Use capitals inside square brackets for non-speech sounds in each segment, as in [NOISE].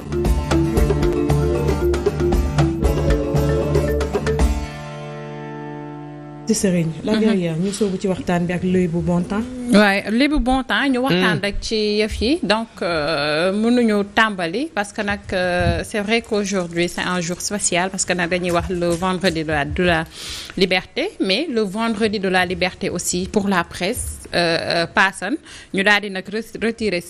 Thank you. ci sëriñ la guerrière mhm. ñu soobu ci waxtaan bi ak l'œil bu bon temps waaye l'œil bu bon temps ñu waxtaan mm. rek ci yëf yi donc euh, mënuñu tàmbali parce que nag euh, c'est vrai qu'aujourd'hui c'est un jour spécial parce que nag dañuy wax le vendredi de la liberté mais le vendredi de la liberté aussi pour la presse euh, paasan ñu daal di nag retirer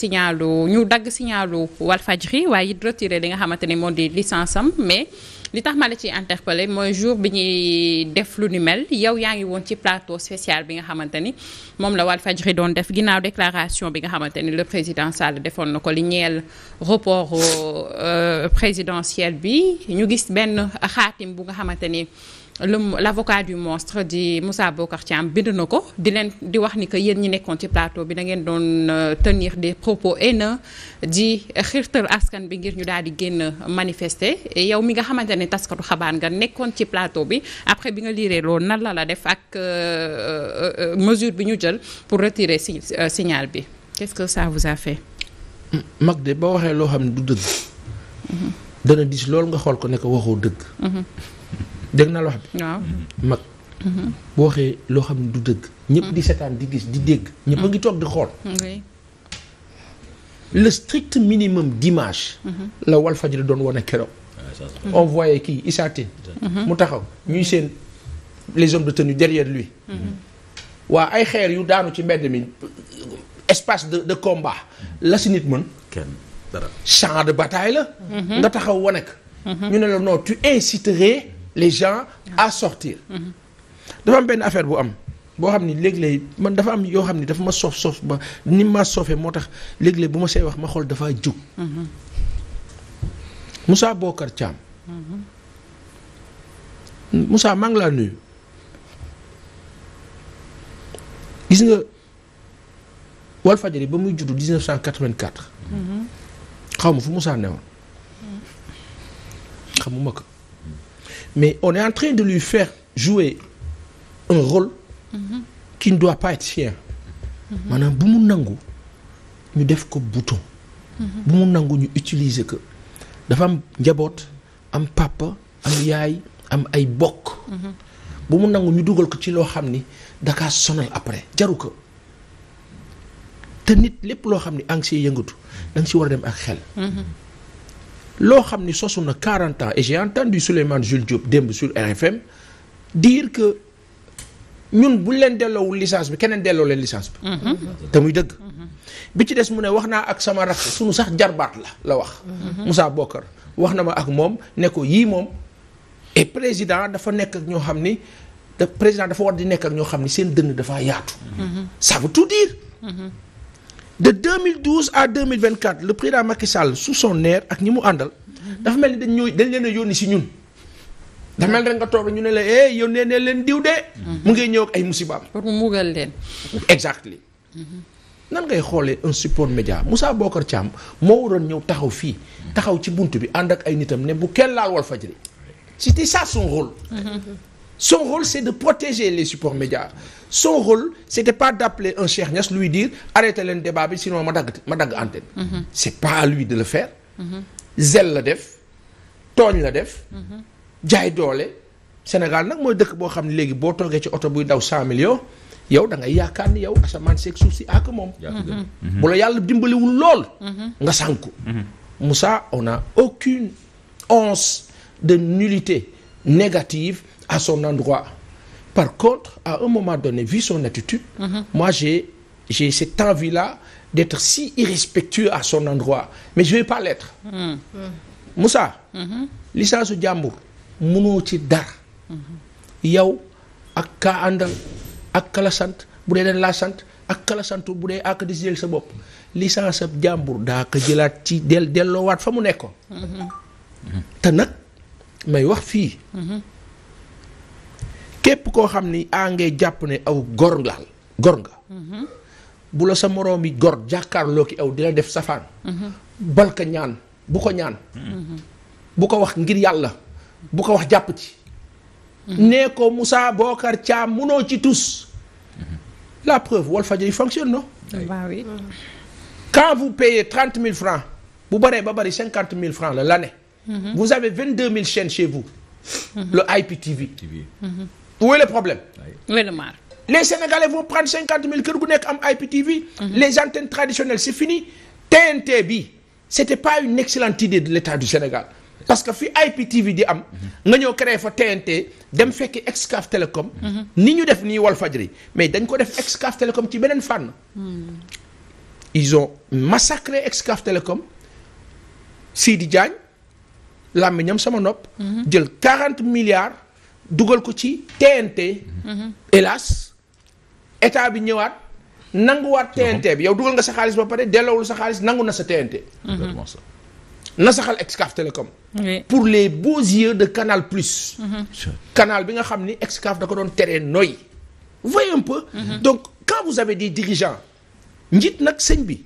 signalu ñu dagg signalu Walfadjri waaye it retirer li nga xamante ni moo di licence mais li tax ma la ciy interpellé mooy jour bi ñuy def lu ni mel yow yaa ngi woon ci plateau spécial bi nga xamante ni moom la Walfadjri doon def ginnaaw déclaration bi nga xamante ni le président Sall defoon na ko li ñeel report euh, présidentiel bi ñu gis benn xaatim bu nga xamante ni. le l'avocat du monstre di Moussa Bocar Thiam bind na ko di leen di wax ni que yéen ñi nekkoon ci plateau bi da ngeen doon euh, tenir de propos haineux di xirtal askan bi ngir ñu daal di génn manifester yow mi nga xamante ne taskatu xabaar nga nekkoon ci plateau bi après bi nga liiree loolu nan la la def ak euh, euh, mesure bi ñu jël pour retirer si signal bi qu'est-ce que ça mag de boo waxee loo xam ne du dëgg. Mhm. dana dis loolu nga xool ko ne ko waxoo dëgg. Mhm. dégg naa wax bi waaw mag boo waxee loo xam ne du dëgg ñëpp di seetaan di gis di dégg ñëpp a ngi toog di xool le strict minimum d'image mhm. la Walfadjri doon wane keroog on voyait kii Issa mhm. mu taxaw ñuy seen les hommes de tenue derrière lui mhm. waa ay xeer yu daanu ci mbedd mi espace de de combat la si nit mën kenn de bataille la nga taxaw wane ñu ne la non tu inciterais les gens à sortir. dafa am benn affaire bu am boo xam ni léeg-léeg man dafa am yoo xam ni dafa ma soof soof ba ni ma soofee moo tax léeg-léeg bu ma see wax ma xool dafa jug. Moussa Bokar Thiam. musaa maa ngi laa nuyu. gis nga Walfadjri ba muy juddu 1984. Mm-hmm. xaw ma fu Moussa newoon. xamuma ko. mais on est de luy faire jouer un rôle qui ne doit pas être maanaam bu mu nangu ñu def ko bouton bu mu nangu ñu utiliser ko dafa am njaboot am papa am yaay am ay bokk bu mu nangu ñu dugal ko ci loo xam ni daka sonal après jaru ko te nit lépp loo xam ni angi siy yëngatu da nga si war a dem ak xel loo xam ni sosu na 40 ans et j'ai entendu Souleymane Jules Diop démb sur RFM dire que ñun bu leen delloowul licence bi keneen delloo leen licence bi. Mhm. te muy dëgg. bi ci des mu ne wax naa ak sama rakk sunu sax jarbaat la la wax. Mhm. Moussa bokkar wax na ma ak moom ne yii moom et président dafa nekk ak ñoo xam ni te président dafa war di nekk ak ñoo xam ni seen dënn dafa yaatu. Mhm. ça veut tout dire. de 2012 à 2024 le président Macky Sall sous son air ak ñi mu àndal dafa mel ni dañ ñoo dañ leen a yónni si ñun dafa mel rek nga toog ñu ne la eh yónnee ne leen diw de. Mhm. mu ngay ñëw ak ay musibaam. pour mu mugal leen. exactly nan ngay xoolee un support média Moussa Bokar Thiam moo waroon ñëw taxaw fii taxaw ci bunt bi ànd ak ay nitam ne bu kenn laal Walfadjri c'était ça son rôle. Mhm. Son rôle, c'est de protéger les supports médias. Son rôle, c'était pas d'appeler un Cheikh Niass, lui dire arrêtez le débat, sinon ma dagg ma dagg antenne. Mhm. C'est pas à lui de le faire. Mhm. zel la def tooñ la def. Mhm. jaay doole. Sénégal nag mooy dëkk boo xam ne léegi boo toogee ci oto buy daw 100 millions yow da ngay yaakaar ni yow asamaan seeg suuf si ak moom. bu la yàlla dimbaliwul lool. nga sànku. Moussa on na aucune once de nullité négative. à son endroit. Par contre, à un moment donné, vu son attitude, mm -hmm. moi j'ai j'ai cette là d'être si irrespectueux à son endroit. Mais je ne vais pas l'être. Mm -hmm. Moussa. Mhm. licence su jàmbur mënoo ci dara. yow ak kaa àndal ak kala sant bu dee dañ laa sant ak kala bu dee ak di jël sa bopp licence ab jàmbur daa ko jëlaat ci del delloowaat fa mu nekkoon. Mhm. te nag may wax fii. Mhm. képp koo xam ni a ngay jàpp ne aw gor laal gor nga mhm. bu la sa moroomi gor jàkkaarloo ki aw di def safaan mhm. bal ka ñaan bu ko ñaan mhm. bu ko wax ngir yàlla bu ko wax jàpp ci nee ko musaa Bocar Thiam munoo ci tous la preuve Walfadjri fonctionne non bah oui quand vous payez mille francs bu baree ba bari cinquante mille francs la l'année vous avez vingt deux mille chaînes chez vous le IPTV où est problème. où est le mal. les Sénégalais vont prendre cinquante mille kër gu nekk am IPTV. Mhm. les antennes traditionnelles c'est fini. TNT bi c'était pas une excellente idée de l'État du Sénégal parce que fi IPTV di am. Mhm. nga ñëw créer fa TNT dem mhm. fekk Excaf Télécom. ni ñu def nii Walfadjri mais dañ ko def Excaf Télécom ci beneen fànn. Hmm. ils ont massacré Excaf Télécom di Diagne làmmiñam sama nopp. jël quarante milliards. dugal ko ci TNT. Mhm. hélas état bi ñëwaat nanguwaat TNT bi yow dugal nga sa xaalis ba pare delloowul sa xaalis nangu na sa TNT. Mhm. nasaxal Excaf Télécom. pour les beaux de Canal Plus. Mhm. canal bi nga xam ni Excaf da ko doon teree noy voyez un peu. donc quand vous avez des dirigeants. nag sëñ bi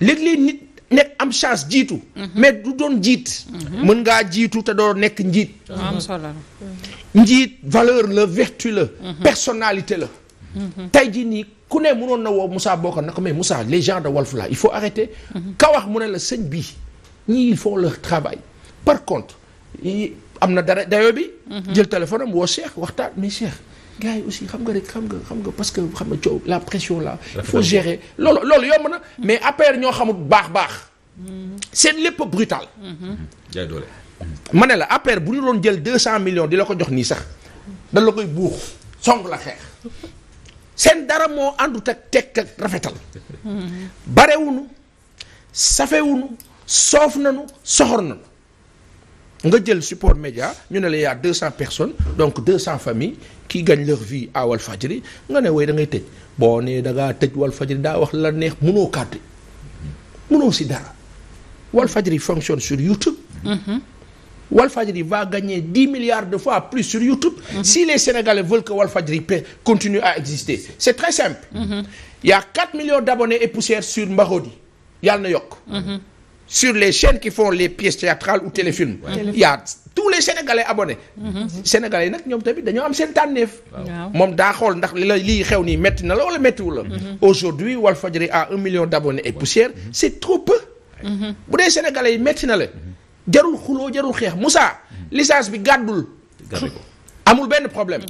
léeg-léeg nit. nekk am chance jiitu. Mhm. mais du doon jiit. Mhm. mën ngaa jiitu te doo nekk njiit. njiit valeur la vertu la. Mhm. personnalité la. tey jii nii ku ne mënoon na woo Moussa Bokar na ko mais Moussa les gens de Walf il faut arrêter. ka wax mu ne la sëñ bi ñii ils font leur travail. par contre am na dara dayo bi. jël téléphone am woo Cheikh waxtaan mais Cheikh. gars yi aussi xam nga rek xam nga xam nga parce que xam nga coow la pression là. il faut gérer loolu loolu yomb na. mais après ñoo xamul baax baax. seen lépp brutal. jaay doole. ma ne la après bu ñu doon jël deux cent millions di la ko jox nii sax dañ la koy buux song la xeex seen dara moo àndut ak tekk ak rafetal. barewunu safewunu soof nanu soxor nanu nga jël support média ñu ne la y a 200 personnes donc 200 familles qui gagnent leur vie à Walfadjri nga ne way da ngay tëj boo nee da ngaa tëj Walfadjri daa wax la neex mënoo kàddu mënoo si dara Walfadjri fonctionne sur YouTube. Mhm. Walfadjri va gagner 10 milliards de fois plus sur YouTube. Mhm. si les Sénégalais veulent que Walfadjri continue à exister c'est très simple. Mhm. y a 4 millions d'abonnés et poussière sur Marodi yàlla na yokk. sur les chaînes qui font les pièces théâtrales ou téléfilms. il y a tous les sénégalais abonnés. Mhm. sénégalais nag ñoom tamit dañoo am seen tànneef. moom daa xool ndax li la lii xew nii métti na la wala méttiwul la. aujourd'hui Walfadjri a un million d'abonnés et poussière c'est trop mhm. bu dee sénégalais yi métti na la jarul xuloo jarul xeex Moussa mhm. licence bi gàddul. amul benn problème.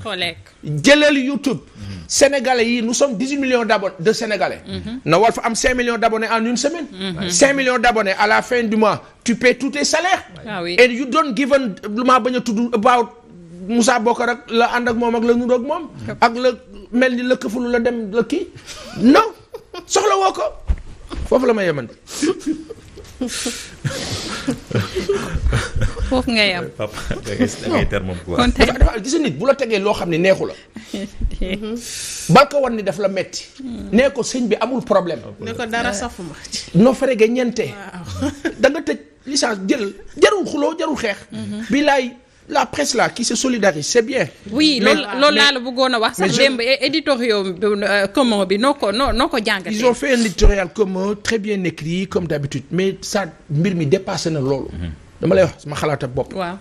jëlal YouTube. sénégalais yi nous sommes 18 millions d'abonnés de sénégalais. Mhm. na war fa am 5 million d'abonnés en une semaine. 5 mhm. millions d'abonnés à la fin du mois tu paies tous tes salaires. Ah oui. and you don't given lu maa bañ a tudd about Moussa Bokar ak la ànd ak moom ak la nuroog moom. ak la mel ni la këfulu la dem la kii non soxla woo foofu la ma yemandi. [LAUGHS] foofu ngay am. [LAUGHS] papa da ngay ter nit bu la tegee loo xam ne neexu la. [LAUGHS] bal ko ni daf la metti hmm. nee ko sëñ bi amul problème. ne ko dara safuma. [LAUGHS] noo farege ñeente. da nga tëj licence jël jarul xuloo jarul xeex. Mhm. bilaay la presse là qui se solidarise c'est bien. oui loolu laa la bëggoon wax sax démb éditorial euh, commun bi noo ko noo noo ko jàngatee. ils ont fait très bien écrit comme d'habitude mais ça mbir mi dépassé na loolu. Mhm. dama lay wax sama xalaat ak bopp. waaw.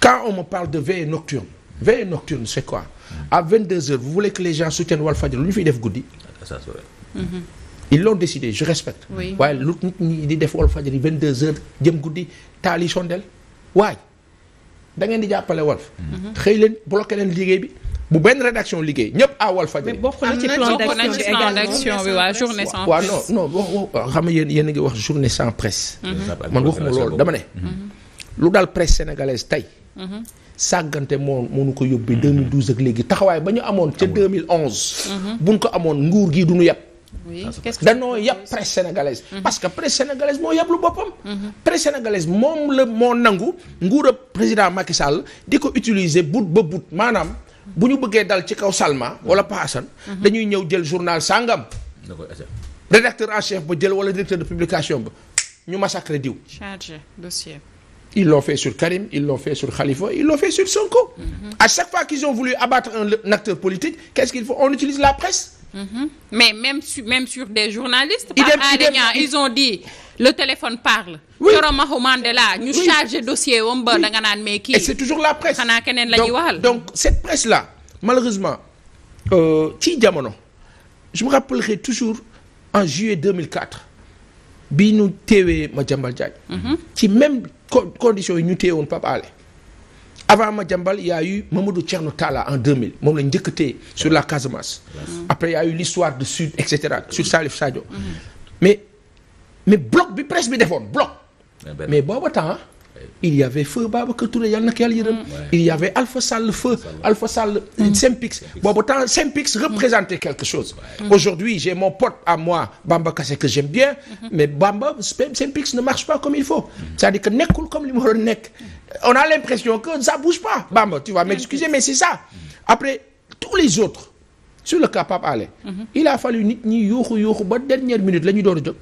quand on me parle de veillée nocturne veillée nocturne c'est quoi à 22h bu voulez que les gens soutiennent Walfadjri lu ñu fiy def guddi. Ah, ils l'ont décidé je respecte. oui waaye lu nit ñi di def Walfadjri 22h jëm guddi taali sondel waay da ngeen di jàppale Walf. Mhm. xëy leen bloqué leen liggéey bi. bu benn rédaction liggéey ñëpp à Walfadjri. am ci plan d'action bi waa journée sans presse. waaw euh, xam nga yéen ngi wax journée sans presse. Mhm. man waxuma loolu dama ne. Mhm. lu dal presse sénégalaise tey. Mhm. sàggante moo moo ko yóbbee 2012 ak léegi taxawaay ba ñu amoon ca 2011. buñ ko amoon nguur gi du ñu yàpp. oui danoo yàpp presse sénégalaise. parce que presse sénégalaise moo yàpp lu boppam. presse sénégalaise moom la moo nangu nguur a président Macky Sall di ko utilise but ba but maanaam. bu ñu bëggee dal ci kaw Salma wala Paasan mhm. dañuy ñëw jël journal sàngam rédacteur en chef ba jël wala directeur de publication ba ñu massacré diw chargé dossier Ils l'ont fait sur Karim, ils l'ont fait sur Khalifa, ils l'ont fait sur Sonko. Mm -hmm. À chaque fois qu'ils ont voulu abattre un, un acteur politique, qu'est-ce qu'ils font? On utilise la presse. Mm -hmm. Mais même sur, des journalistes. Idem, idem, ils ont dit le téléphone parle. oui Toro Mahu Mandela ñu dossier wam ba da nga naan mais kii. et c'est toujours la presse. xanaa keneen la ñuy waxal donc cette presse là malheureusement euh, ci jamono je me rappellerai toujours en juillet 2004 bii ñu teewee Madiambal Diagne. Mhm. ci même. conditions yi ñu téye woon Pape Alé avant Madiambal y a eu Mamadou Thierno Talla en 2000 moom la njëkk a sur la Casamance. après y a eu l'histoire du Sud et cetera sur Salif Sadio. Mm-hmm. mais mais bloc bi presse bi defoon bloc. Ah, mais booba temps il y avait feu Babacar Touré yàlla na ko yàlla yërëm mm. il y avait Alpha feu Alpha Sall mm. Simpix boobu temps mm. quelque chose aujourd'hui j'ai mon pote à moi Bamba Kassé que j'aime bien mm-hmm. mais Bamba Simpix ne marche pas comme il faut c'est-à-dire que nekkul comme li mu on a l'impression que ça bouge pas Bamba tu vas m'excuser mais c'est ça après tous les autres sur le cas Pape mm-hmm. il a fallu nit ñi yuuxu yuuxu ba dernière minute a jóg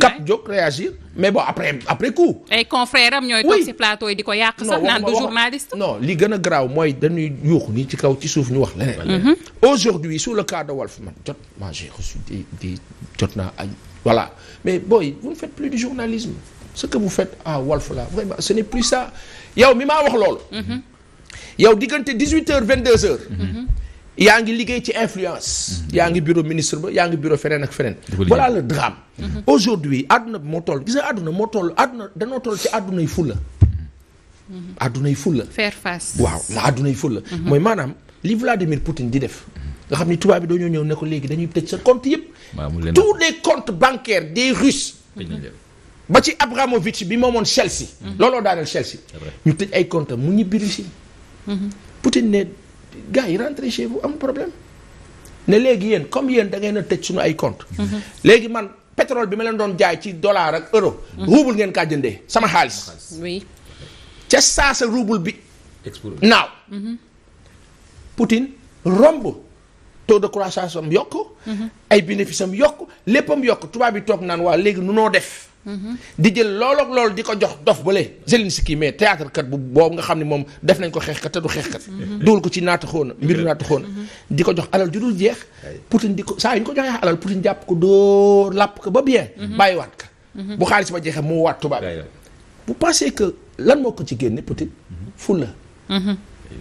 kap jóg réagir mais bon après après coup. ay confrères ñooy toog ci plateau yi di ko yàq sax naan du journaliste. non li gën a garaaw mooy dañuy yuux ni ci kaw ci suuf ñu wax leneen. Mhm. aujourd'hui sur le cas de Walf man jot man j'ai reçu jot naa ay voilà mais booy vous ne faites plus du journalisme ce que vous faites à Walf là vraiment ce n'est plus ça yow mi maa wax loolu. Mhm. yow diggante dix huit heures vingt deux heures. Mhm. yaa ngi liggéey ci influence. Mhm. yaa ngi bureau ministre ba yaa ngi bureau feneen ak feneen. voilà le drame. Mhm. aujourd'hui àdduna bi moo toll gis nga àdduna moo toll àdduna danoo toll ci àdduna yu fulla. Mhm. àdduna yu fulla. faire face waaw ma àdduna yu fulla. mooy maanaam li Vladimir Poutine di def. nga xam ni tubaab bi dañoo ñëw ne ko léegi dañuy tëj sa compte yëpp. tous les comptes bancaires des Russes. ba ci Abramovich bi moomoon Chelsea. looloo daaneel Chelsea. ñu tëj ay comptes mu ñibbi Russie. Poutine ne. gars yi rentrez chez vous am problème ne léegi yéen comme yéen da ngeen tëj suñu ay compte mhm. léegi man pétrole bi ma leen doon jaay ci dollar ak euro. Mhm. ruubul ngeen kaa jëndee sama xaalis. oui ca saa sa ruubul bi. naaw. Mhm. Poutine romb taux de croissance am yokk. ay bénéfice am yokk léppam yokk tubaab bi toog naan waa léegi nu noo def. di jël loolu ak loolu di ko jox dof bële Zelensky mais théâtre kat bu boobu nga xam ne moom def nañ ko xeexkat te du xeexkat dugal ko ci naata xóona mbiru naata xóona di ko jox alal ju dul jeex Poutine di ko saa yu ñu ko joxee alal Poutine jàpp ko dóor làpp ko ba bien bàyyi waat ka bu xaalis ba jeexee mu waat tubaab bu pensez que lan moo ko ci génne Poutine fulla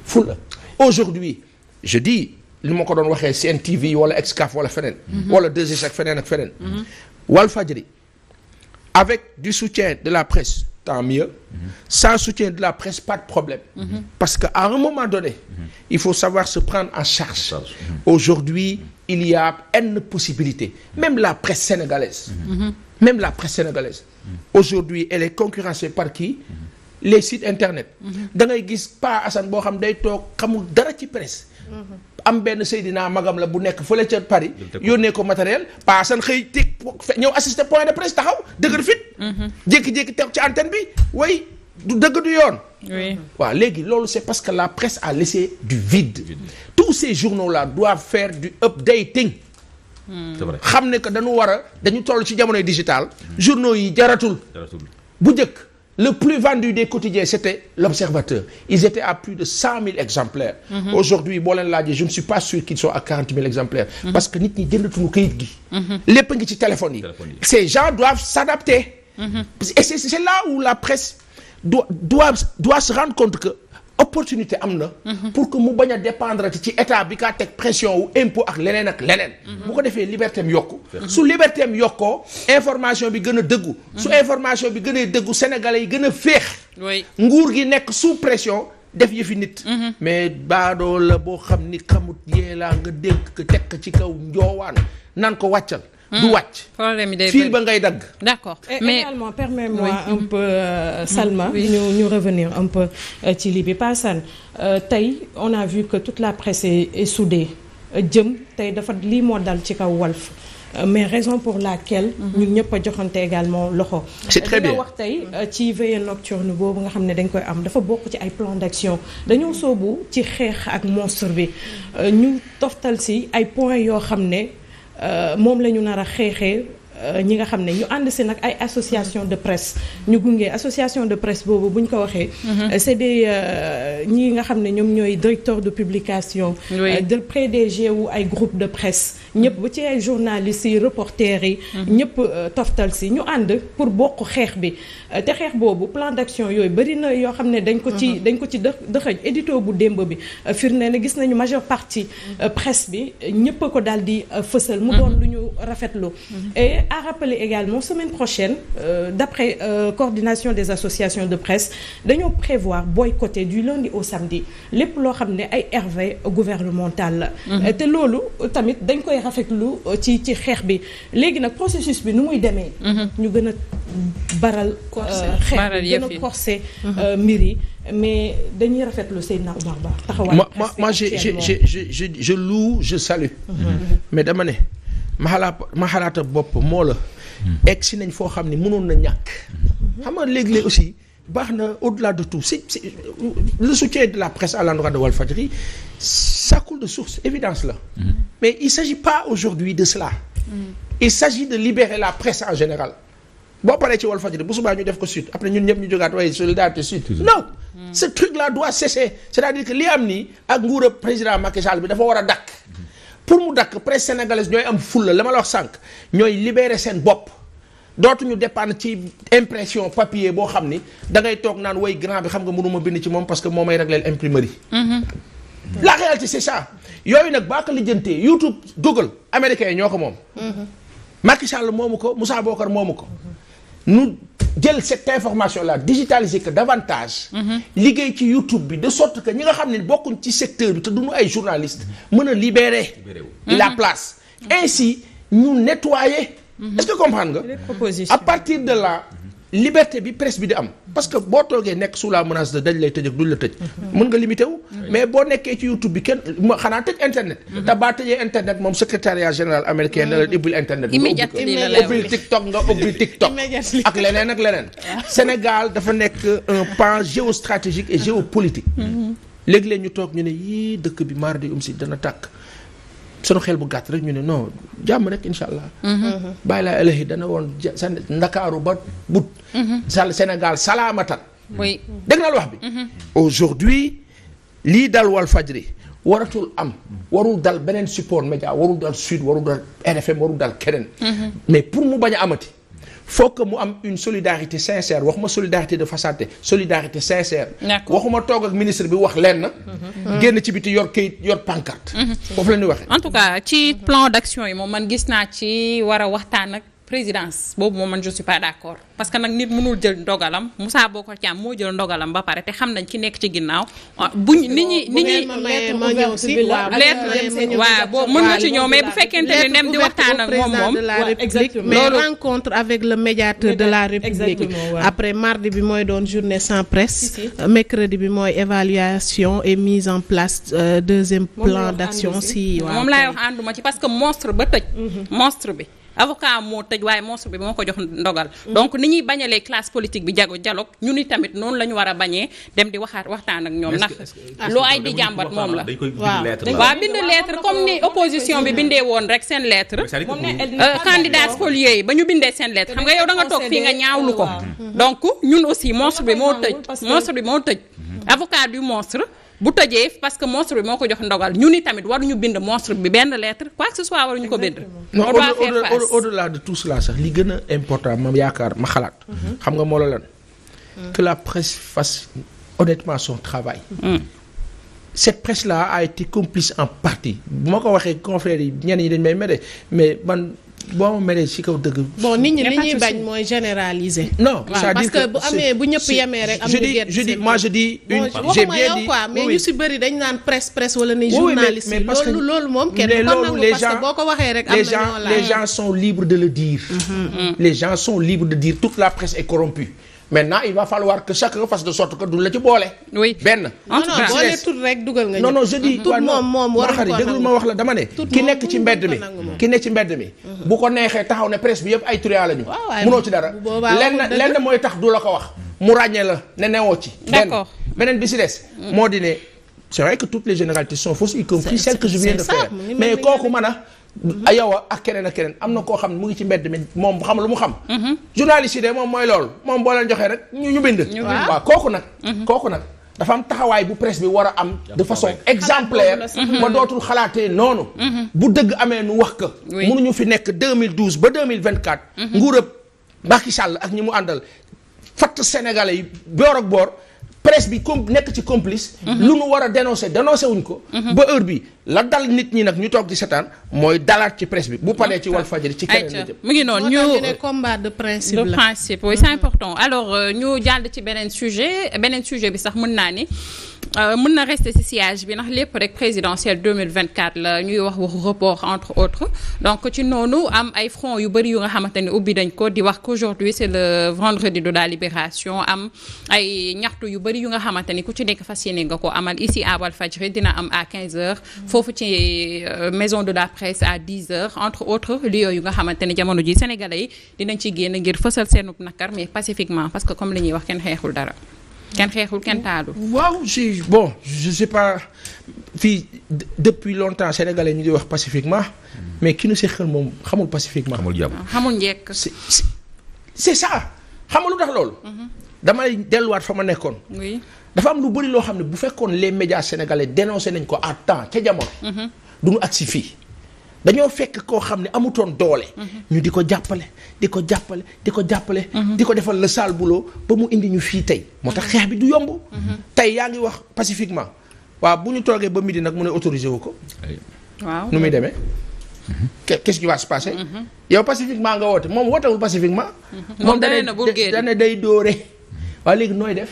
fulla aujourd'hui je dis li ma ko doon waxee CNTV wala Excaf wala feneen mhm. wala 2S ak feneen ak feneen Walfadjri avec du soutien de la presse tant mieux mm sans soutien de la presse pas de problème parce que à un moment donné il faut savoir se prendre en charge aujourd'hui il y a une possibilité même la presse sénégalaise même la presse sénégalaise aujourd'hui elle est concurrencée par qui les sites internet mhm. da ngay gis pas Assane boo xam day toog xamul dara ci presse am benn Seydina magam la bu nekk fële ca Paris yónnee ko matériel paasan xëy teg ñëw assister point de presse taxaw dëgër fit mhm. jékki-jékki teg ci antenne bi way du dëgg du yoon waaw léegi loolu c'est parce que la presse a laissé du vide tous ces journaux là doivent faire du updating hmm. xam ne que dañu war a dañu toll ci jamonoy digital hmm. journaux yi jaratul bu njëkk le plus vendu des quotidiens c'était l'observateur ils étaient à plus de exemplaires mhm. aujourd'hui boo leen laajee je ne suis pas sûr qu'ils sont à exemplaires mhm. parce que nit ñi jëndatuñu kayit gi mhm. lépp ngi ci téléphone yi ces gens doivent s'adapter et c'est là où la presse doit doit doit se rendre compte opportunité am na. Mhm. pour que mu bañ a dépendre ci état bi kaa teg pression wu impôt ak leneen ak leneen. Mhm. bu ko defee liberté am yokku. su liberté yokkoo information bi gën a dëggu. Mhm. su information bi gën a dëggu sénégalais yi gën a féex. nguur gi nekk sous pression. def yëfi nit mais baadoo la boo xam ni xamut yee laa nga dénk ko teg ci kaw njoowaan nan ko wàccal du hmm. wàcc. problème yi day fil ba ngay dagg. d'accord mais également permets-moi un peu euh, hmm. Salma. ñu ñu revenir un peu euh, ci lii bi Passane euh, tey on a vu que toute la presse est soudée jëm tey dafa lii moo dal ci kaw Walf. mais raison pour laquelle hmm. ñun ñëpp a joxante également loxo c'est très wax tey ci veillée nocturne boobu nga xam ne dañ koy am dafa bokk ci ay plan d'action dañoo soobu ci xeex ak monstre bi ñu toftal si ay points yoo xam ne Euh, moom la ñu nar a xeexee euh, ñi nga xam ne ñu ànd si nag ay association de presse ñu gunge association de presse boobu bu ñu ko waxee mhm. euh, c'est des ñi nga xam ne ñoom ñooy directeur de publication de près des wu ay groupe de presse ñëpp ba ci ay journalistes yi reporters yi. Mm-hmm. ñëpp euh, toftal si ñu ànd pour bokk xeex bi euh, te xeex boobu plan d'action yooyu bari na yoo xam ne dañ ko ci mm-hmm. dañ ko ci dëxëñ édito bu démb bi euh, firnde na gis nañu majeure partie mm-hmm. presse bi ñëpp a ko daal di fësal mu doon lu ñu rafetlu et à rappeler également semaine prochaine euh, d'après euh, coordination des associations de presse dañoo prévoir côté du lundi au samedi lépp loo xam ne ay RV gouvernemental la mhm. te loolu tamit dañ koy rafetlu euh, ci ci xeex bi léegi nag processus bi nu muy demee mhm. ñu gën a baral euh, euh, xeex bi gën a corsé mhm. yi mais dañuy rafetlu Seydina Oumar Ba taxawaay moi moi je je je je loue je salue mais dama ne ma xalaat ma xalaata bopp moo la. Hmm. egg si nañ foo xam ne mënoon na ñàkk. Hmm. xam nga léeg aussi baax na au-delà de tout si si le soutien de la presse à l'endroit de Walfadjri ça coule de source évidence la hmm. mais il s'agit pas aujourd'hui de cela. il s'agit de libérer la presse en général. boo paree ci Walfadjri bu subaa ñu def ko sud après ñun ñëpp ñu jogaat waaye solidarité sud. non ce truc là doit cesser c'est-à-dire que li am nii ak nguur président Macky Sall bi dafa war a pour mu dakk presse sénégalaise ñooy am fulla la ma la wax sànq ñooy libérer seen bopp dootuñu dépendre ci impression papier boo xam ni da ngay toog naan way grand bi xam nga mënuma bind ci moom parce que moo may régler imprimerie. Mhm. la réalité c'est ça yooyu nag baa ko lijjantee YouTube Google américain yi ñoo ko moom. Mhm. Macky Sall moomu ko Moussa Bokar moomu ko. nous jël cette information là digitaliser que davantage. Mhm. liggéey ci YouTube bi de sorte que ñi nga xam ne bokkuñ ci secteur bi te duñu ay journaliste mën a libérer. la mhm. place ainsi ñu nettoyer. Mhm. est-ce que comprendre nga. à partir de là. liberté bi presse bi di am parce que boo toogee nekk sous la menace de dañ lay tëj ak duñ la tëj. mën nga limité wu. mais boo nekkee ci YouTube bi kenn xanaa tëj internet. Mhm. te baa tëjee internet moom secrétariat général américain na la ubbil internet. immédiatement nga ubbil TikTok nga ubbil TikTok. ak leneen ak leneen. Ah. dafa nekk un pan géostratégique et géopolitique. Mhm. léegi leen ñu toog ñu ne dëkk bi mardi um si dana tàkk. sunu xel bu gàtt rek ñu ne non jàmm rek incha allah. Mm-hmm. bàyyi laa ëllëg dana woon ndakaaru ba but. Mm-hmm. sal Sénégal salaamatan. oui dégg naa wax bi. Mm-hmm. aujourd'hui lii dal wal fajri waratul am warul dal beneen support média warul dal sud warul dal RFM warul dal keneen. mais pour mu bañ a amati. faut que mu am une solidarité sincère waxuma solidarité de façade solidarité sincère. waxuma toog ak ministre bi wax lenn. Mhm. génn ci biti yor kayit yor pancarte. Mhm. foofu la ñuy waxee. en tout cas ci plan d'action yi moom man gis naa ci war a waxtaan ak. présidence boobu moom man je suis pas d'accord parce que nag nit mënul jël ndogalam boo ko Thiam moo jël ndogalam ba pare te xam nañ ci nekk ci ginnaaw ah, buñ nit ñi nit ñi lettre waaw boobu mën nga ci ñëw mais bu fekkente ne nem di waxtaan ak moom moom mais rencontre avec le médiateur de la République après mardi bi mooy doon journée sans presse euh, mercredi bi mooy évaluation et mise en place euh, deuxième plan d'action si waaw moom laay wax ànduma ci parce que monstre ba tëj mhm. monstre bi avocat moo tëj waaye mosu bi moo ko jox ndogal. donc ni ñuy bañalee classe politique bi jago dialogue ñu ni tamit noonu la ñu war a bañee dem di waxaat waxtaan ak ñoom ndax. loo ay di jàmbat moom la. waaw bind lettre comme ni opposition bi bindee woon rek seen lettre. Euh, candidat spoliés yi ba ñu bindee seen lettre xam nga yow da nga toog fii nga ñaawlu ko. donc ñun aussi monstre bi moo tëj. monstre bi moo tëj avocat du monstre. bu tojee parce que monstre bi moo ko jox ndogal ñu ni tamit waruñu bind monstre bi benn lettre quoi que ce soit waruñu ko bind. non au delà de tout cela sax li gën a important ma yaakaar ma xalaat. Mhm. xam nga moo la lan. Mhm. que la presse fasse honnêtement son travail. Mhm. cette presse là a été complice en partie bu ma ko waxee confrères yi ñenn ñi dañ may mede mais man. boo ma meree ci kaw dëgg. bon nit ñi li ñuy bañ mooy généraliser. non cest à bu amee bu ñëpp yemee rek. am na je dis moi je dis une j'ai bien mais ñu ci bëri dañ naan presse presse wala ne journaliste yi loolu loolu moom kenn du ko nangu parce boo ko waxee rek. am na ñoo la les de le dire. Mm-hmm. les gens sont libres de dire toute la presse est corrompue. maintenant il va falloir que chacun fasse de sorte que duñ la ci boole. benn. non non boole tout rek dugal nga. non non je tout moom moom war nga déglu dama ne. ki nekk ci mbedd mi ki nekk ci mbedd mi. bu ko neexee taxaw ne presse bi yëpp ay truand lañu. munoo ci dara lenn lenn mooy tax du la ko wax. mu ràññee la ne newoo ci. d'accord beneen bi si des. Mm. moo di ne c'est vrai que toutes les généralités sont fausses y compris que je viens de mais kooku mana Ah, yow ah, ak keneen ak keneen am na koo xam ne mu ngi ci mbedd mi moom xam lu mu xam mhm. journaliste yi de moom mooy loolu moom boo leen joxee rek ñu ñu bind waaw kooku nag mhm. kooku nag dafa am taxawaay bu presse bi war a am de façon exemplaire ba dootul xalaatee noonu mhm. bu dëgg amee nu wax ko ka ñu fi nekk 2012 ba 2024 nguurab Macky Sall ak ñi mu àndal fatt sénégalais boor ak boor presse bi comme nekk ci complice lu nu war a dénoncer dénoncer wuñ ko ba heure bi la dal nit ñi nag ñu toog di setaan mooy dalaat ci presse bi bu paree ci Walfadjri ci keneen la mu ngi noonu ñu combat de principe de principe oui euh, jàll ci beneen sujet beneen sujet bi sax mën naa ni euh, mën na rester ci siège bi nax lépp rek présidentielle 2024 la ñuy wax waxu report entre autres donc ci noonu am ay front yu bëri yu nga xamante ne ubbi dañ ko di wax qu'aujourd'hui c'est le vendredi de la libération am ay ñaxtu yu bëri yu nga xamante ni ku ci nekk fas yéene nga ko amal ici à Walfadjri dina am à 15 foofu ci euh, maison de la presse à 10 heures entre autres lieux yu nga xamante ne jamono ji sénégalais yi dinañ ci génn ngir fësal seenub nakar mais pacifiquement parce que comme li ñuy wax kenn xeexul dara kenn xeexul kenn taalu waaw si bon je sais pas fii depuis longtemps sénégalais ñu ngi wax pacifiquement mais ki nu seqal moom xamul pacifiquement xamul jàmm ah, xamul njekk c'est ça xamul lu tax loolu mhm. damay delluwaat fa ma nekkoon dafa am lu bëri loo xam ne bu fekkoon les médias sénégalais dénoncé nañ ko à temps ca jamono. Mhm. du ñu agsi fii. dañoo fekk koo xam ne amutoon doole. Mhm. ñu di ko jàppale di ko jàppale di ko jàppale. Mhm. di ko defal le sale boulot ba mu indi ñu fii tey. moo tax xeex bi du yomb. tey yaa ngi wax pacifiquement waaw bu ñu toogee ba midi nag mu ne autorisé wu ko. waaw nu muy demee. qu'est-ce qui va se passer. yow pacifiquement nga woote moom wootewul pacifiquement. moom da na day dóore. waa léegi nooy def.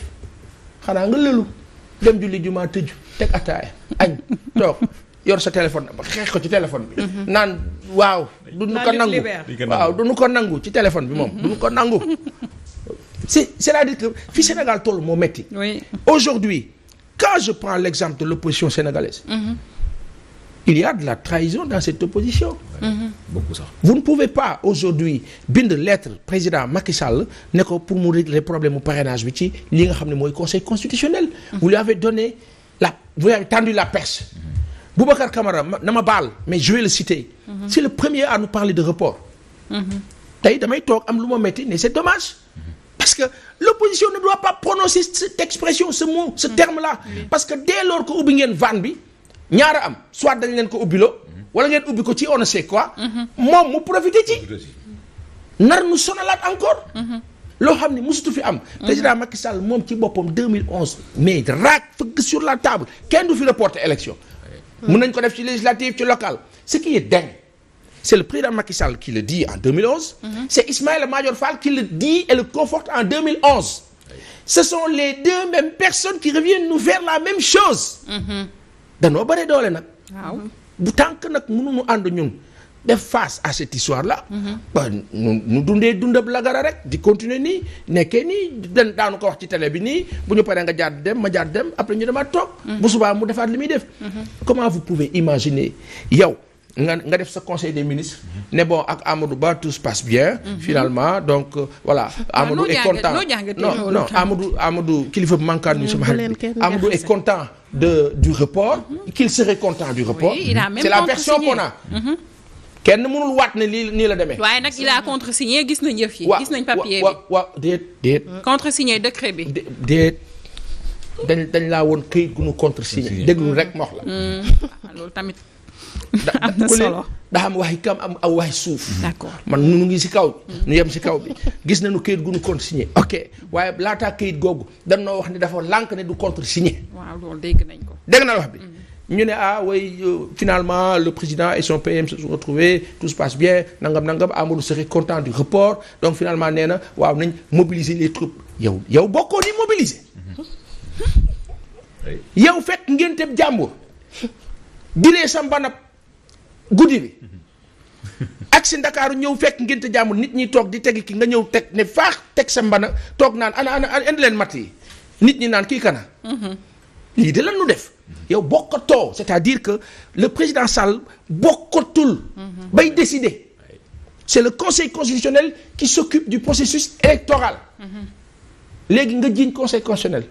xanaa nga lëlu dem julli jumaa tëju teg ataaya añ toog yor sa téléphone ba xeex ko ci téléphone bi. Mhm. naan waaw. du nu ko nangu waaw du nu ko nangu ci téléphone bi moom. du nu ko nangu. c'est c'est-à-dire que fi Sénégal toll moo metti. oui aujourd'hui quand je prends l'exemple de l'opposition sénégalaise. Mhm. il y a de la trahison dans cette opposition. Mhm. beaucoup sax. vous ne pouvez pas aujourd'hui bind lettre président Macky Sall pour mu régler problème mu parrainage bi ci li nga xam ne mooy conseil constitutionnel. Mhm. vous lui avez donné la vous lui avez tendu la perche. Mhm. Boubacar Camara na ma baal mais je vais le citer. c'est le premier à nous parler de report. tey damay toog am lu ma metti ne c'est dommage. parce que l'opposition ne doit pas prononcer cette expression ce terme là. parce ñaara am soit dañ leen ko ubbiloo wala ngeen ubbi ko ci on ne sait quoi. moom mu profité ci. nar nu sonalaat encore. Mhm. loo xam ne musutu fi am. Mhm. président Macky Sall moom ci boppam 2011. mais raak fëgg sur la table kenn du fi reporter élection. mën nañ ko def ci législative ci local ce qui est dingue c'est le président Macky Sall qui le dit en 2011. Mm -hmm. c'est Ismaïla Madior le dit et le conforte en ce sont les deux mêmes personnes qui reviennent nous faire la même chose. Mhm. danoo bare doole nag. waaw bu tànk nag mu mënuñu ànd ñun def face à cette histoire là. ba nu nu dundee dundab gara rek di continuer nii nekkee nii dan daanu ko wax ci tele bi nii bu ñu paree nga jaar dem ma jaar dem après ñu demaat toog. Mm-hmm. bu subaa mu defaat li muy def. Mm-hmm. comment vous pouvez imaginer yow. nga nga def sa conseil de ministres. ne bon ak Amadou Ba tout se passe bien. Mhm. finalement donc euh, voilà. Ah, Amadou est content non non Amadou Amadou kilifa mankaan ñu sama xarit bi Amadou est content de du report. Mhm. qu'il serait content du report. c'est la version qu'on a. Mhm. kenn mënul waat ne lii nii la demee. waaye nag il a contresigné gis nañ yëf yi. gis nañ papier bi wa wa déet déet. Mm. contresigné décret bi. dañ dañ laa woon këyit gu ñu contresigné. déglu rek moox la. Mm. [LAUGHS] Ah, [LAUGHS] am na solo daa am waxi kam am aw waxi suuf. d'accord man nu ngi si kaw bi. nu yem si kaw bi gis nañu kayit gu nu consigné ok waaye laataa kayit googu danoo wax ni dafa lànk ne du contresigné. waaw loolu dégg nañ ko. dégg na wax bi. Mm-hmm. ñu ne ah way euh, finalement le président et son PM se sont retrouvés tout se passe bien nangam nangam Amadou serait content du report donc finalement nee na waaw nañ mobiliser les troupes yow yow bokkoo ni mobiliser. Mm-hmm. yow fekk ngeen teb jàmbur. diree sa mbanab guddi bi ak si ndakaaru ñëw fekk ngénte jàmbur nit ñi toog di teg ki nga ñëw teg ne faax teg sa mbana toog naan ana ana indi leen matt yi nit ñi naan kii kana lii de lan nu def yow bokkatoo c'est-à-dire que le président Sall bokkatul bay décider c'est le conseil constitutionnel qui s'occupe du processus électoral léegi nga jiiñ conseil constitutionnel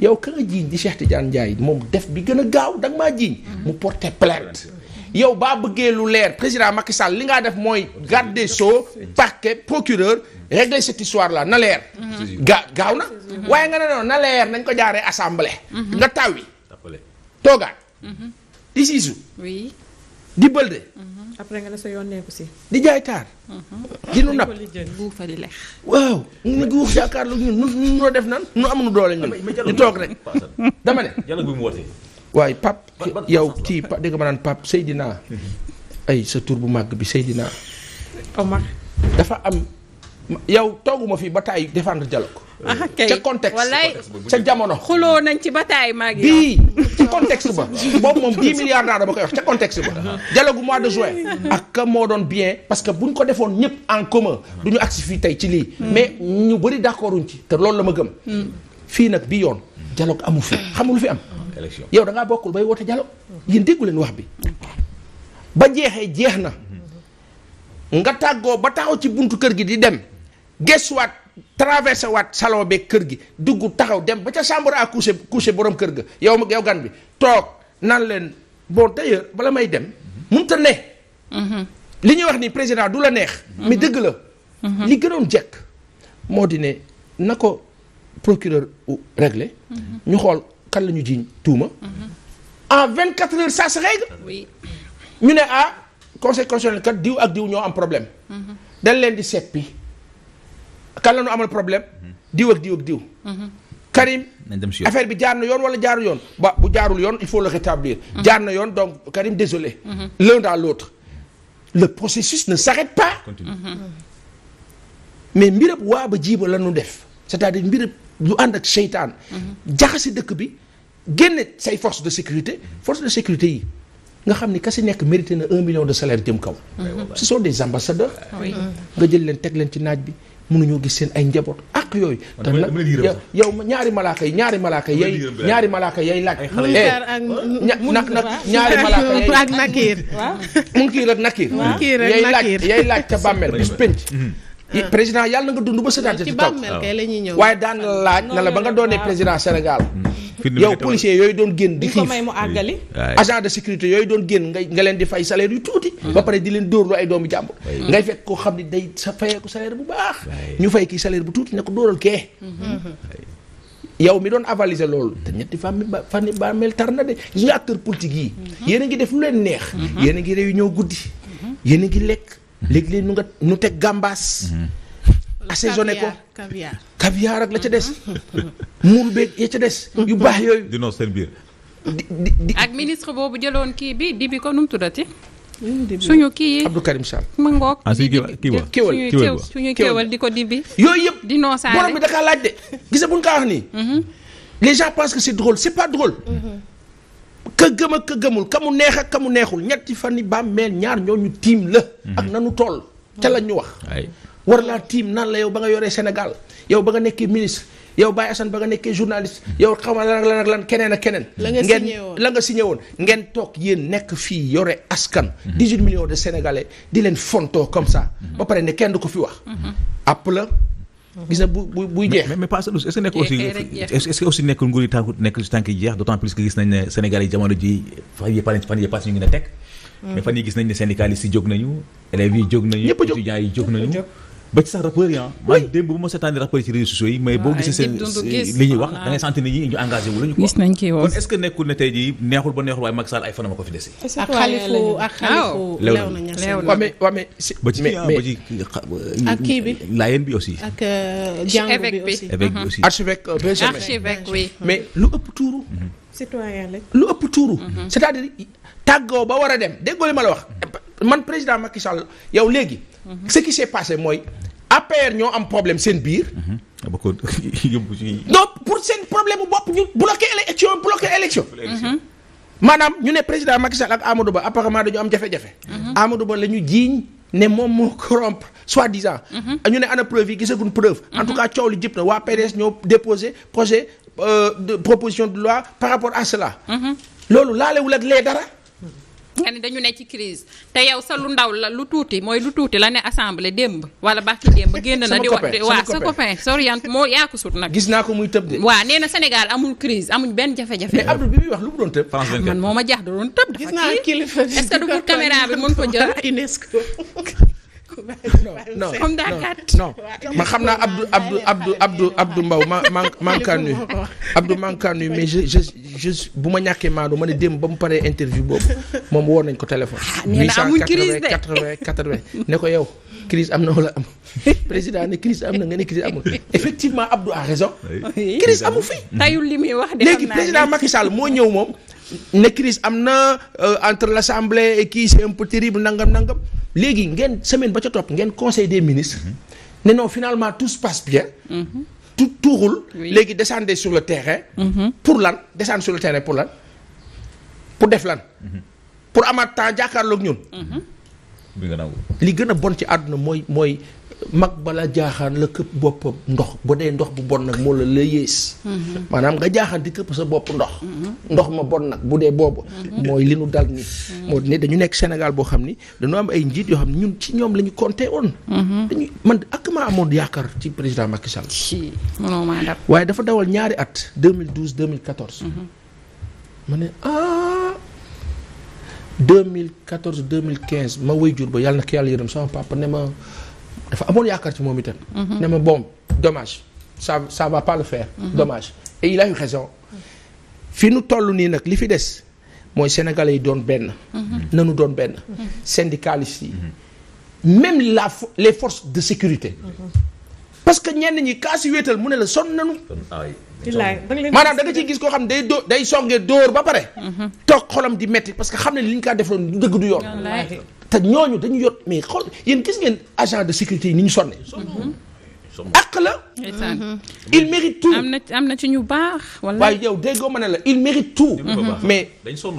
yow ka nga jiiñ di Cheikh Tidiane Ndiaye moom def bi gën a gaaw da nga maa jiiñ mu porter plainte yow baa bëggee lu leer président Macky Sall li ngaa def mooy garde des sceaux parquet procureur régler cette histoire là na leer mm-hmm. ga gaaw na mm-hmm. waaye nga ne noonu na leer nañ ko jaaree assemblée mm-hmm. nga taw yi toogaat di siisu di bëlde après nga ne sa yoon nekku si di jaay taar di nu napp waaw nu guux jàkkaarloo ñun nu nu def nu amuñu doole ñun ñu toog rek waaye pap yow kii pap dégg nga ma naan pap Seydina mhm. ay sa tur bu màgg bi Seydina Omar dafa am yow tooguma fii ba taay défendre dialogue ah, ah, ca contexte wallaay ca jamono xuloo nañ ci bataay maa ngi bii ca contexte ba boobu moom 10 milliards daa dama koy wax ca contexte ba uh-huh. dialogue mois de juin ak ka moo doon bien parce que bu ñu ko defoon ñëpp en commun uh-huh. du ñu agsi fii tey ci lii hmm. mais ñu bëri d'accorduñ ci te loolu la ma gëm hmm. fii nag bi yoon dialogue amu fi xamul fi am élection yow da ngaa bokkul bay woote dialogue yéen déggu leen wax bi ba jeexee jeex na nga tàggoo ba taxaw ci buntu kër gi di dem gesuwaat traversé waat salon beeg kër gi dugg taxaw dem ba ca chambre à coucher coucher boroom kër ga yow yow gan bi toog nan leen bon d'ailleurs bala may dem mënut a ne. Mhm. li ñuy wax ni président du la neex. mi mhm. dëgg la. Mhm. li gënoon jekk moo di ne na ko procureur réglé. ñu xool. kan la ñu jiiñ tuuma. Mm-hmm. en 24 heures ça se règle. ñu ne ah conseil constitutionnel kat diw ak diw ñoo am problème. Mm-hmm. dañ leen di seppi kan la ñu amal problème. Mm-hmm. diw ak diw ak diw. Karim affaire bi jaar na yoon wala jaarul yoon ba bu jaarul yoon il faut le rétablir. jaar na yoon donc Karim désolé. l'un dans l'autre le processus na s'arrête pas. Continue. mais mbirëb waa ba jiiba la ñu def c'est-à-dire mbirëb. lu ànd ak seytaan jaxasi dëkk bi génne say force de sécurité force de sécurité yi nga xam ni ka si nekk mérité na un million de salaire jëm kaw ce sont des ambassadeurs nga jël leen teg leen ci naaj bi mënuñoo gis seen ay njaboot ak yooyu te nag yow ñaari malaaka yi ñaari malaaka yay ñaari malaaka yay laaj eh, nag nag ñaari malaaka yay ak nakiir munkiir ak nakiir yay laaj yay laaj ca bàmmeel bis penc mhm. Ah. président yàlla nga dund ba sëtaat ci taw waaye daan la laaj na la ba nga doonee président Sénégal mm. yow policier yooyu doon génn di xiif agent sécurité yooyu doon génn nga leen di fay salaire yu tuuti ba pare di leen dóorlu ay doomu jàmbur ngay fekk koo xam ne day sa fayeeku salaire bu baax ñu fay kii salaire bu tuuti ne ko dóoral kee yow mi doon avaliser loolu te ñetti fan fan ba mel tar na de gis nga acteur politique yi mhm. yéen a ngi def lu leen neex mhm. yéen a ngi réunion guddi mhm. yéen a ngi lekk léeg-léeg nu nga nu teg gàmbaas mm-hmm. assaisonné ko caviar caviar ak la ca des mm-hmm. muur beeg ya ca des yu baax yooyu dino seen biir ak ministre boobu jëloon kii bi dibi ko nu mu tuddati mm, suñu kii Abdou Karim Sall ma ngoog kiiwal ah, suñu kiiwal di ko dibi yooyu yëpp dino saale borom bi dakaa laaj de gisa buñ ko nii mm-hmm. les gens pensent que c'est drôle c'est pas drôle ka gëm ak ka gëmul ka mu neex ak ka mu neexul ñetti ni yi meel ñaar ñooñu tiim la. Mhm. ak nanu toll ca la ñu wax. war laa tiim nan la yow ba nga yoree Sénégal yow ba nga nekkee ministre yow Baye Assane ba nga nekkee journaliste mhm. yow xaw ma lan ak lan ak lan keneen ak keneen. la nga signé woon ngeen la woon ngeen toog yéen nekk fii yore askan. 18 mhm. millions de sénégalais di leen fontoo comme ça. ba pare ne kenn du ko fi wax. app la. gis na bu bu buy jeex. mais mais pas est-ce que nekk aussi est nguur yi tànk nekk si tànk jeex d'autant plus que gis nañ ne Sénégal yi jamono ji fan yii fan yii pass ñu ngi ne teg. Mm. mais fan yii gis nañ ne syndicalistes yi jóg nañu élèves yi jóg nañu. ñëpp jóg jóg ba ci sax rappeurs yi ah. man démb bu ma seetaani rappeurs yi ci réseaux sociaux yi. mais boo ah, ah. ñu engagé wu la ñu. gis nañ kii woon kon est ce que nekkul ne tey jii neexul ba neexul waaye Macky Sall ay fanama ak kii bi laayeen bi aussi. ak euh, jàngu bi aussi évêque bi aussi. archevêque mhm. euh, Benjamin archevêque mais lu ëpp tuuru. Mhm. lu ëpp tuuru. Mhm. cest à tàggoo ba war a dem déggoo li ma la wax man président Macky Sall yow léegi ce qui s'est passé mooy APR ñoo am problème seen biir. ba ko yóbbu ci. donc pour seen problème bopp ñu bloqué élection bloqué élection. maanaam ñu ne président Macky ak Amadou Ba apparemment dañu am jafe-jafe. Amadou Ba la ñu jiiñ ne moom moo corrompre soi-disant. ñu ne ana preuve yi gisaguñ preuve. en tout cas coow li jëpp na waa PDS ñoo déposé projet euh, de proposition de loi par rapport à cela. Mhm. loolu laalewul ak lee dara. nga ni dañu ne ci crise te yow sa lu ndaw la lu tuuti mooy lu tuuti la ne assemblée démb wala baax ci démb génn na di wax sa copain sorient moo yaa ko nag gis naa ko muy tëb de waaw nee na Sénégal amul crise amuñ benn jafe-jafe mais Abdou bi muy wax lu mu doon tëb man moo ma jaax da doon tëb dafa est-ce que du bi mën ko jël [LAUGHS] non non non ma xam naa Abdou Abdou Abdou Abdou Abdou Mbaw ma ma mankaan nuyu Abdou mankaan nuyu mais je je bu ma ñàkkee maandu ma ne démb ba mu paree interview boobu moom woo nañ ko téléphone. Ah, nee na amuñ crise de 880 80 ne ko yow crise am na wala am président ne crise am na nga ne crise amul effectivement Abdou a raison. crise amul fii. tayul li muy wax de léegi président Macky moo ñëw moom. ne crise am na euh, entre l'assemblée et kii c'est un peu terrible nangam nangam léegi ngeen semaine ba ca topp ngeen conseil des ministres mm-hmm. ne non finalement tout se passe bien mm-hmm. tout tuurul léegi descendez sur le terrain mm-hmm. pour lan descendre sur le terrain pour lan pour def lan pour amaat temps jàkkaarloog ñun li gën a bon ci àdduna mooy mooy mag bala jaaxaan la këpp boppam ndox bu dee ndox bu bon nag moo la la yées mm-hmm. maanaam nga jaaxaan di këpp sa bopp ndox mm-hmm. ndox ma bon nag bu dee boobu mm-hmm. mooy li nu dal ni moo ne dañu nekk Sénégal boo xam ni dañu am ay njiit yoo xam ne ñun ci ñoom la ñu compté woon dañu man ak maa amoon yaakaar ci président Macky Sall waaye dafa dawal ñaari at 2012 2014 ma ne ah 2014 2015 ma wéy jur ba yàlla na ko yàlla yërëm sama papa ne ma dafa amoon yaakaar ci moom itam. Mhm. ne ma bon dommage ça ça va pas le faire. Mhm. dommage et il a eu raison. fi nu toll nii nag li fi des mooy sénégalais yi doon benn. Mhm. nanu doon benn. syndicalistes yi. même la les forces de sécurité. parce que ñenn ñi kaa si wéetal mu ne la sonn nanu. Ah maanaam da nga ciy gis koo xam ne day dóor day songee dóor ba pare. toog xolam di metti parce que xam ne li ñu kaa defoon dëgg du yoon. te ñooñu dañu yot mais xool yéen gis ngeen agent de sécurité yi ni ñu sonne mm-hmm. mm-hmm. ak la mm-hmm. il mérite tout am na am na ci ñu baax wala waaye yow déggoo ma ne la il mérite tout mais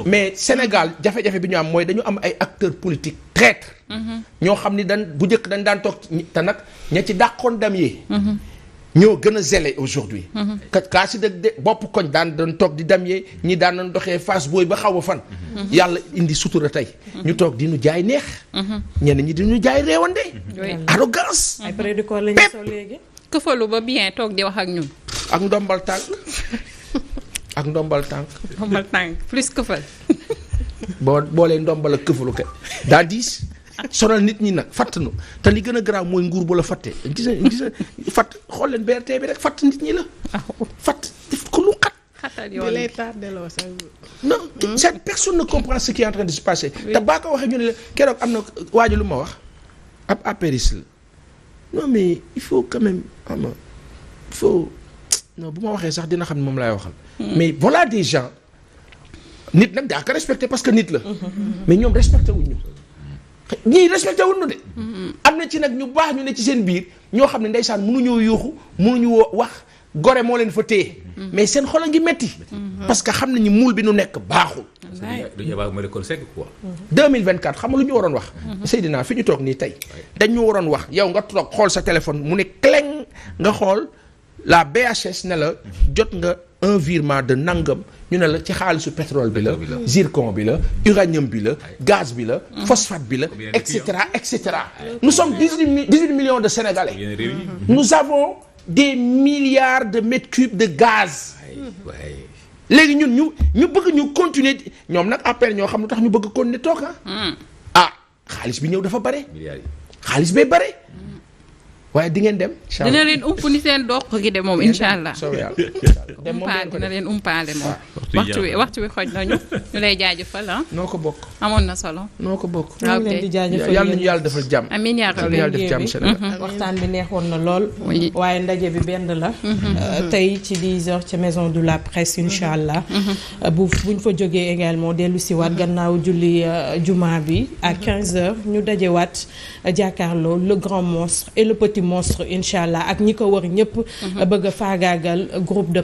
mais Sénégal jafe-jafe bi ñu am mooy dañu am ay acteurs politiques traîtres ñoo xam ni dañ bu njëkk dañ daan toog te nag ña ci dàqoon dam yee ñoo gën a zélé aujourd'hui kat kaa si dëgg de bopp koñ daan doon toog di dem yee ñi daan doon doxee face booy ba xaw a fan yàlla indi sutura tey ñu toog di ñu jaay neex ñenn ñi di ñu jaay réewande arrogance pépp këfalu ba bien toog di wax ak ñun ak ndombal tànk [LAUGHS] ak ndombal tànk ndombal tànk plus këfal boo boolee leen ndombal ak këfalu ke daa diis sonal nit ñi nag fatt nu te li gën a garaw mooy nguur bu la fattee gis nga gis nga fatt xool leen BRT bi rek fatt nit ñi la. fatt def ko lu xat. xatal yoon lay tardéloo sax. non cette personne ne comprend ce qui est en train passer. te baa ko waxee ñu ne la keroog am na waaju lu ma wax ab apériste la non mais il faut quand même ah, il faut non bu ma waxee sax dina xam ne moom laay waxal. Hmm. mais voilà des gens. nit nag daa ko respecté parce que nit la. Mm-hmm. mais ñoom respecté wuñ ñu. ñii respecté wuñu de. am na ci nag ñu baax ñu ne ci seen biir ñoo xam ne ndeysaan mënuñoo yuuxu mënuñu wax gore moo leen fa téye. mais seen xol a ngi metti parce que xam nañu muul bi nu nekk baaxul. duñu yabaa mooy l'école sec quoi. 2024 xam nga lu ñu waroon wax. Mhm. Seydina fi ñu toog nii tey. dañ ñu waroon wax yow nga toog xool sa téléphone mu ne cleng nga xool la BHS ne la jot nga. un de nangam ñu ne la ci xaalisu pétrole bi la zircon bi la uranium bi la gaz bi la phosphate bi la et cetera et cetera nous sommes dix-huit dix-huit millions de sénégalais nous avons des milliards de mètres cubes de gaz léegi ñun ñu ñu bëgg ñu continuer ñoom nag appel ñoo xam lu tax ñu bëgg continuer toog ah, ah xaalis bi ñëw dafa bare xaalis bay bare waaye di ngeen dem. dina leen ump ni seen doq gi de moom incha allah. [LAUGHS] dem moom dina leen umpaale moom. Ah, waxtu wi waxtu wi xoj nañu ñu lay jaajëfal ah. noo ko bokk. amoon na solo. noo ko bokk. ok ñu leen di jaajëfal yàlla nañu yàlla defal mm-hmm. waxtaan bi neexoon na lool. waaye ndaje bi benn la. Mm-hmm. Euh, tey ci 10h ca maison du la presse incha mm-hmm. allah. Euh, bu buñ fa jógee également dellu si waat gannaaw julli euh, juma bi ak 15h ñu dajewaat jàkkaarloo le grand monstre et le petit monstre incha allah ak ñi ko wër ñëpp. Mhm. bëgg a faagaagal groupe de.